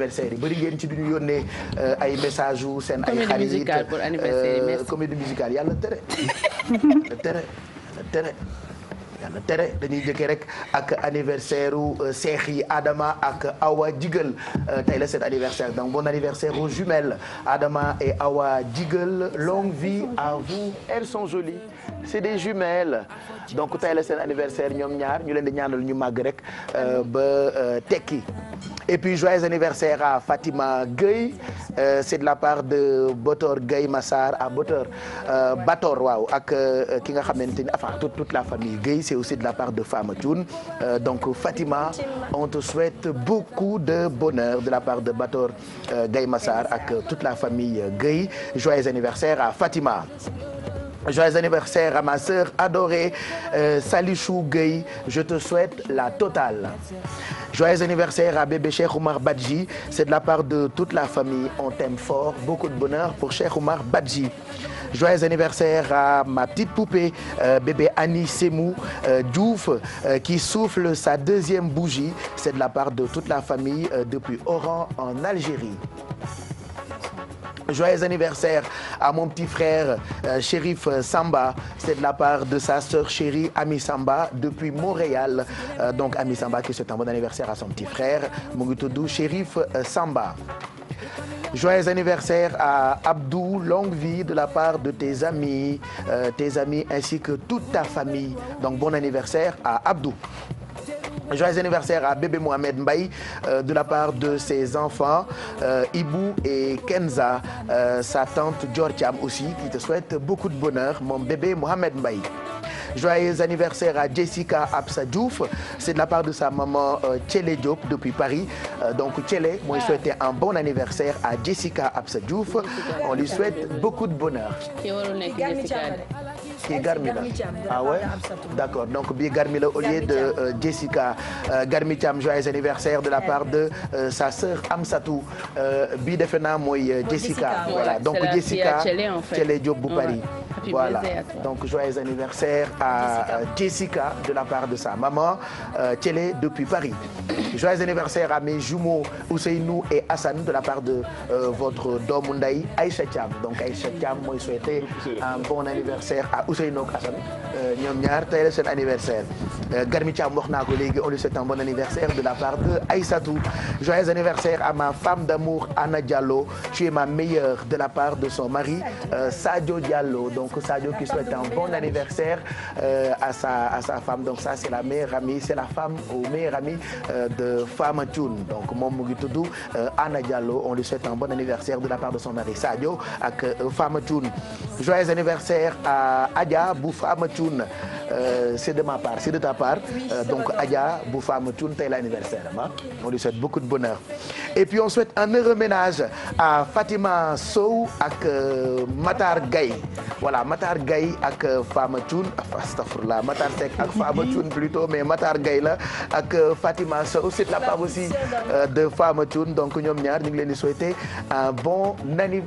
anniversaire yi bëri ngeen ci duñu yónnee euh, ay message yu seen ay xarit comédie musicale pour anniversaire yi merci euh, comédie musicale yàlla tere yàlla tere yàlla tere yàlla tere dañuy jëkkee rek ak anniversaire u euh, seex yi Adama ak Awa Jigal tey la seen anniversaire donc bon anniversaire aux jumelles Adama et Awa Jigal longue vie à vous elles sont jolies c'est des jumelles donc tey la seen anniversaire ñoom ñaar ñu leen di ñaanal ñu màgg rek euh, ba euh, tekki et puis joyeux anniversaire à Fatima Gueye euh, c'est de la part de Botor Gueye Massar à Botor euh, Bator waaw ak euh, ki nga xamante ni enfin toute toute la famille Gueye c'est aussi de la part de Fama Thioune euh, donc Fatima on te souhaite beaucoup de bonheur de la part de Bator Gueye Massar ak toute la famille Gueye joyeux anniversaire à Fatima Joyeux anniversaire à ma sœur adorée euh, Salichou je te souhaite la totale. Joyeux anniversaire à bébé Cheikh Oumar Badji, c'est de la part de toute la famille, on t'aime fort, beaucoup de bonheur pour Cheikh Oumar Badji. Joyeux anniversaire à ma petite poupée euh, bébé Annie Semou euh, euh qui souffle sa deuxième bougie, c'est de la part de toute la famille euh, depuis Oran en Algérie. joyeux anniversaire à mon petit frère euh, Chérif euh, Samba c'est de la part de sa sœur chérie Ami Samba depuis Montréal euh, donc Ami Samba qui souhaite un bon anniversaire à son petit frère mu ngi tudd Chérif euh, Samba joyeux anniversaire à Abdou longue vie de la part de tes amis euh, tes amis ainsi que toute ta famille donc bon anniversaire à Abdou Joyeux anniversaire à bébé Mohamed Mbaye euh, de la part de ses enfants euh, Ibou et Kenza euh, sa tante Dior aussi qui te souhaite beaucoup de bonheur mon bébé Mohamed Mbaye. Joyeux anniversaire à Jessica Absa Diouf c'est de la part de sa maman euh, Thiele depuis Paris euh, donc Thiele mooy ah. souhaiter un bon anniversaire à Jessica Absa Diouf on lui souhaite beaucoup de bonheur. kii Garmi la ah donc bii Garmi la au lieu de euh, Jessica euh, Garmi Thiam joyeux anniversaire de la eh part de euh, sa sœur Amsatou bii defe naa mooy Jessica voilà donc Jessica Thielé Diop bu Paris anniversaire à Jessica de la part de sa maman Thielé depuis Paris joyeux anniversaire à mes jumeaux Ousseynou Hassan de la part de votre doomu nday Aïcha Thiam donc un bon anniversaire ah Ousseynou ak Assane euh, ñoom ñaar tey la seen anniversaire euh, Garmi Thiam wax naa ko léegi on lui souhaite un bon anniversaire de la part de Aïssatou joyeux anniversaire à ma femme d'amour Anna Diallo tu es ma meilleure de la part de son mari euh, Sadio Diallo donc Sadio qui souhaite un bon anniversaire euh, à sa à sa femme donc ça c'est la meilleure amie c'est la femme ou meilleure amie euh, de Fama Thioune donc moom mu ngi tudd euh, Anna Diallo on lui souhaite un bon anniversaire de la part de son mari Sadio ak Fama Thioune joyeux anniversaire à Adja bu Fama Thioune euh, c'est de ma part c'est de ta part euh, donc Adja bu Fama Thioune tey la anniversaire am on lui souhaite beaucoup de bonheur et puis on souhaite un heureux à Fatima Sow ak euh, Matar Gaye voilà Matar Gaye ak euh, Fama Thioun astafurlah Matar Seck ak Fama Thioun plutôt mais Matar Gaye la ak euh, Fatima Sow c'est la femme aussi de Fama Thioun donc ñoom ñaar ñu ngi leen di souhaiter un bon nani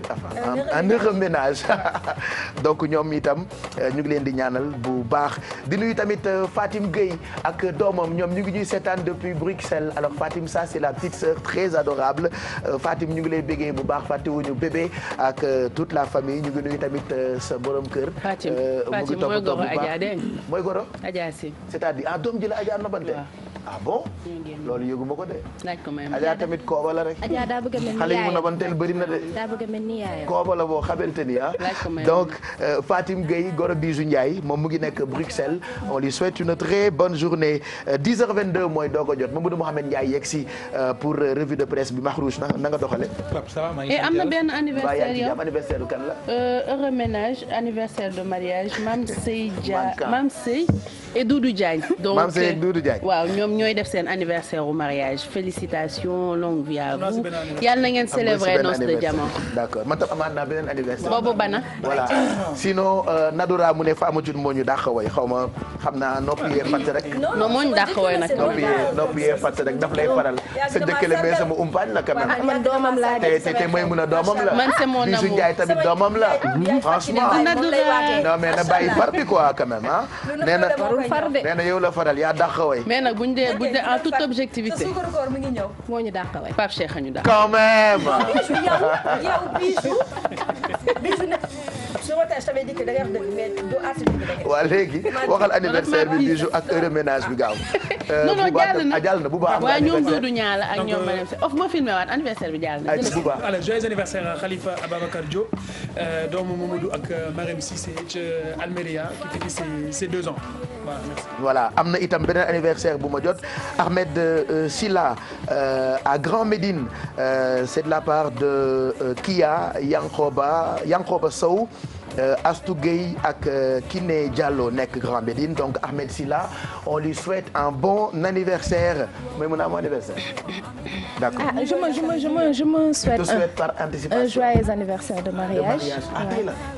un heureux ménage donc ñoom itam ñu ngi leen di ñaanal bu baax di nuyu tamit Fatim Gueye ak doomam ñoom ñu ngi ñuy seetaan depuis Bruxelles alors Fatim ça c'est la petite sœur très adorée adorable euh, Fatim ñu ngi lay béggee bu baax fàttewuñu bébé ak euh, toute la famille ñu ngi nuyu tamit euh, sa borom kër. Fatim Fatim mooy goro Adja dégg mooy goro. Adja si c'est-à-dire ah doom ji la Adja nobante. ah bon. loolu yëgu ma ko de. laaj tamit kooba la rek. a mel xale yi mu nabanteel bëri na de. a mel ni yaayam kooba la boo xamante ni ah. donc euh, Fatim Gueye Goro Bijou Ndiaye moom mu ngi nekk Bruxelles. on lui souhaite une très bonne journée 10h22 euh, mooy doog a jot Mamadou Mouhamed Ndiaye yegg si euh, pour revue de presse bi Makhrouche na nga doxalee. et eh, am na benn anniversaire yow anniversaire du kan la. heureux ménage anniversaire de mariage Mame Sey Dia Mame Sey Sey ak Doudou ñoom ñooy def seen anniversaire au mariage félicitations longue vie à vous yàlla na ngeen célébrer noce de diamant. d'accord man tam amaat naa beneen anniversaire. boobu bana. voilà sinon euh, Nadoura mu ne Famathune moo ñu dàq way xaw ma xam naa noppi yee fàtte rek. non moo ñu dàq way nag. noppi yee noppi yee fàtte rek daf lay faral sa dëkkale mais sama umpaañ la quand même. man doomam laa de te te may mun a doomam la. man c'est mon amour Bijou Ndiaye tamit doomam la. franchement non mais na bàyyi far bi quoi quand même ah. nee na nee na yow la faral yaa dàq way mais nag buñ dee bu dee en toute objectivité sa koor mu ngi ñëw. moo ñu dàq waay Pape Cheikh ñu dàq. quand même. Bijou yow yow Bijou. Bijou nag su ma tâche tamit dikk da ngay wax dëgg mais du artiste bi da ngay. waaw léegi waxal anniversaire bi Bijou ak heure ménage bi gaaw. non non euh, jàll na ah, jàll na bu baax. waaw ñoom Doudou Niala ak ñoom Malem Seck of oh, ma filmé waat anniversaire bi jàll na. bu baax alors joyeux anniversaire à Khalifa Ababacar Diop euh, doomu Mamadou ak euh, Marème Cissé ca Almeria qui fête ses deux ans. voilà am na itam beneen anniversaire bu ma jot Ahmed euh, euh, Silla euh, à Grand Médine c'est de la part de Kia Yankoba Yankoba Sow Astou Gueye ak Kiné Diallo nekk Grand Médine donc Ahmed Silla on lui souhaite un bon anniversaire mais mon amour anniversaire d'accord ah, je me je un, par anniversaire de mariage, ah,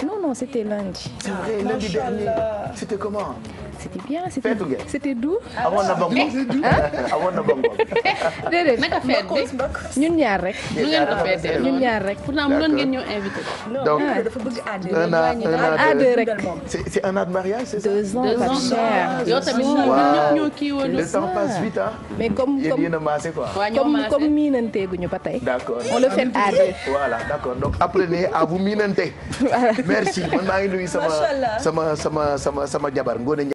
non c'était lundi ah, c'était comment c'était bien c'était c'était doux. amoon na bonbon amoon na bonbon. déedéet naka feet bi ñun ñaar rek. ñun ñaar rek pourtant mënoon ngeen ñëw invité. donc ah, dafa bëgg un rek. c'est un de mariage c'est ça. deux ans pas cher. yow tamit ñun ñëpp ñoo kii woon. le temps passe vite ah. mais comme comme ñu ba tey. d'accord on le fait à deux. voilà d'accord merci man maa ngi nuyu sama sama sama sama sama jabar Ngone